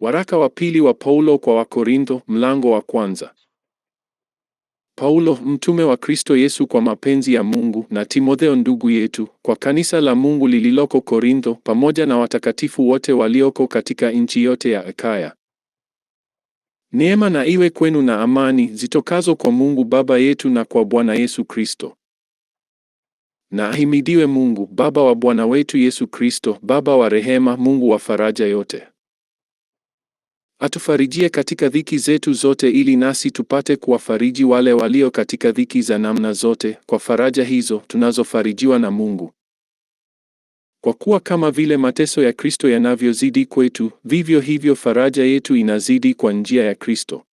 Waraka wa pili wa Paulo kwa Wakorintho, mlango wa kwanza. Paulo mtume wa Kristo Yesu kwa mapenzi ya Mungu, na Timotheo ndugu yetu, kwa kanisa la Mungu lililoko Korintho, pamoja na watakatifu wote walioko katika nchi yote ya Akaya. Neema na iwe kwenu na amani zitokazo kwa Mungu Baba yetu na kwa Bwana Yesu Kristo. Na ahimidiwe Mungu Baba wa Bwana wetu Yesu Kristo, Baba wa rehema, Mungu wa faraja yote Atufarijie katika dhiki zetu zote, ili nasi tupate kuwafariji wale walio katika dhiki za namna zote, kwa faraja hizo tunazofarijiwa na Mungu. Kwa kuwa kama vile mateso ya Kristo yanavyozidi kwetu, vivyo hivyo faraja yetu inazidi kwa njia ya Kristo.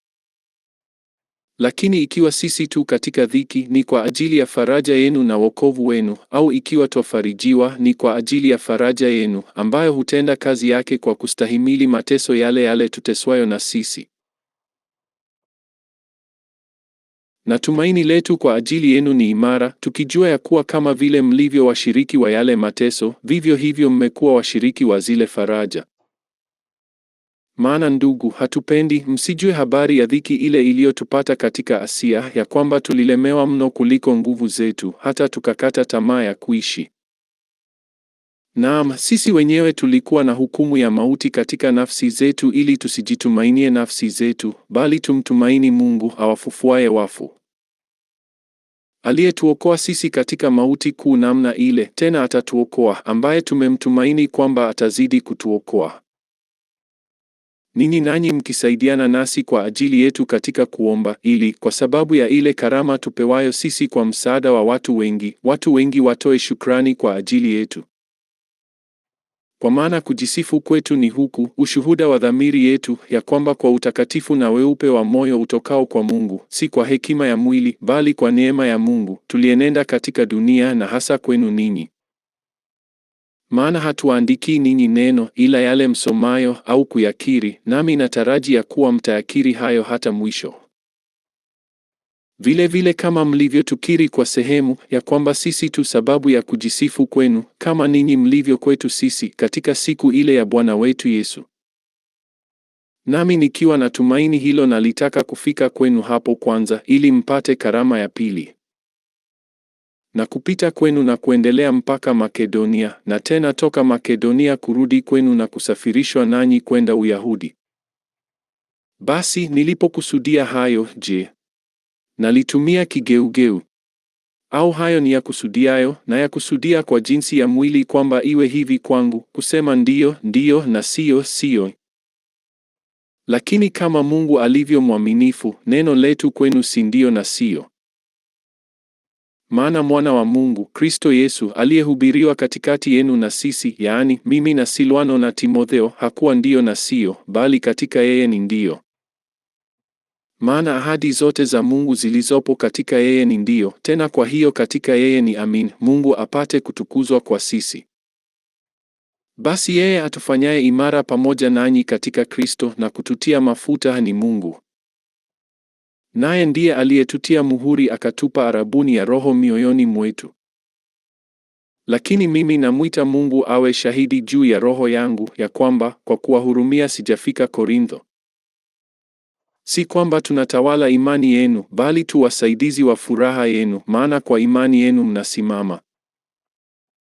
Lakini ikiwa sisi tu katika dhiki, ni kwa ajili ya faraja yenu na wokovu wenu; au ikiwa twafarijiwa, ni kwa ajili ya faraja yenu, ambayo hutenda kazi yake kwa kustahimili mateso yale yale tuteswayo na sisi. Na tumaini letu kwa ajili yenu ni imara, tukijua ya kuwa kama vile mlivyo washiriki wa yale mateso, vivyo hivyo mmekuwa washiriki wa zile faraja. Maana ndugu, hatupendi msijue habari ya dhiki ile iliyotupata katika Asia, ya kwamba tulilemewa mno kuliko nguvu zetu, hata tukakata tamaa ya kuishi. Naam, sisi wenyewe tulikuwa na hukumu ya mauti katika nafsi zetu, ili tusijitumainie nafsi zetu, bali tumtumaini Mungu awafufuaye wafu, aliyetuokoa sisi katika mauti kuu namna ile; tena atatuokoa, ambaye tumemtumaini kwamba atazidi kutuokoa Ninyi nanyi mkisaidiana nasi kwa ajili yetu katika kuomba, ili kwa sababu ya ile karama tupewayo sisi kwa msaada wa watu wengi, watu wengi watoe shukrani kwa ajili yetu. Kwa maana kujisifu kwetu ni huku, ushuhuda wa dhamiri yetu, ya kwamba kwa utakatifu na weupe wa moyo utokao kwa Mungu, si kwa hekima ya mwili, bali kwa neema ya Mungu, tulienenda katika dunia na hasa kwenu ninyi. Maana hatuwaandikii ninyi neno ila yale msomayo au kuyakiri, nami nataraji ya kuwa mtayakiri hayo hata mwisho. Vilevile vile kama mlivyotukiri kwa sehemu, ya kwamba sisi tu sababu ya kujisifu kwenu, kama ninyi mlivyo kwetu sisi katika siku ile ya Bwana wetu Yesu. Nami nikiwa na tumaini hilo nalitaka kufika kwenu hapo kwanza, ili mpate karama ya pili na kupita kwenu na kuendelea mpaka Makedonia, na tena toka Makedonia kurudi kwenu na kusafirishwa nanyi kwenda Uyahudi. Basi nilipokusudia hayo, je, nalitumia kigeugeu? Au hayo ni ya kusudiayo na ya kusudia kwa jinsi ya mwili, kwamba iwe hivi kwangu kusema ndiyo ndiyo na siyo siyo? Lakini kama Mungu alivyo mwaminifu, neno letu kwenu si ndiyo na siyo. Maana mwana wa Mungu Kristo Yesu aliyehubiriwa katikati yenu na sisi, yaani mimi na Silwano na Timotheo, hakuwa ndiyo na siyo, bali katika yeye ni ndiyo. Maana ahadi zote za Mungu zilizopo katika yeye ni ndiyo, tena kwa hiyo katika yeye ni amin, Mungu apate kutukuzwa kwa sisi. Basi yeye atufanyaye imara pamoja nanyi katika Kristo na kututia mafuta ni Mungu naye ndiye aliyetutia muhuri akatupa arabuni ya Roho mioyoni mwetu. Lakini mimi namwita Mungu awe shahidi juu ya roho yangu ya kwamba kwa kuwahurumia sijafika Korintho. Si kwamba tunatawala imani yenu, bali tu wasaidizi wa furaha yenu, maana kwa imani yenu mnasimama.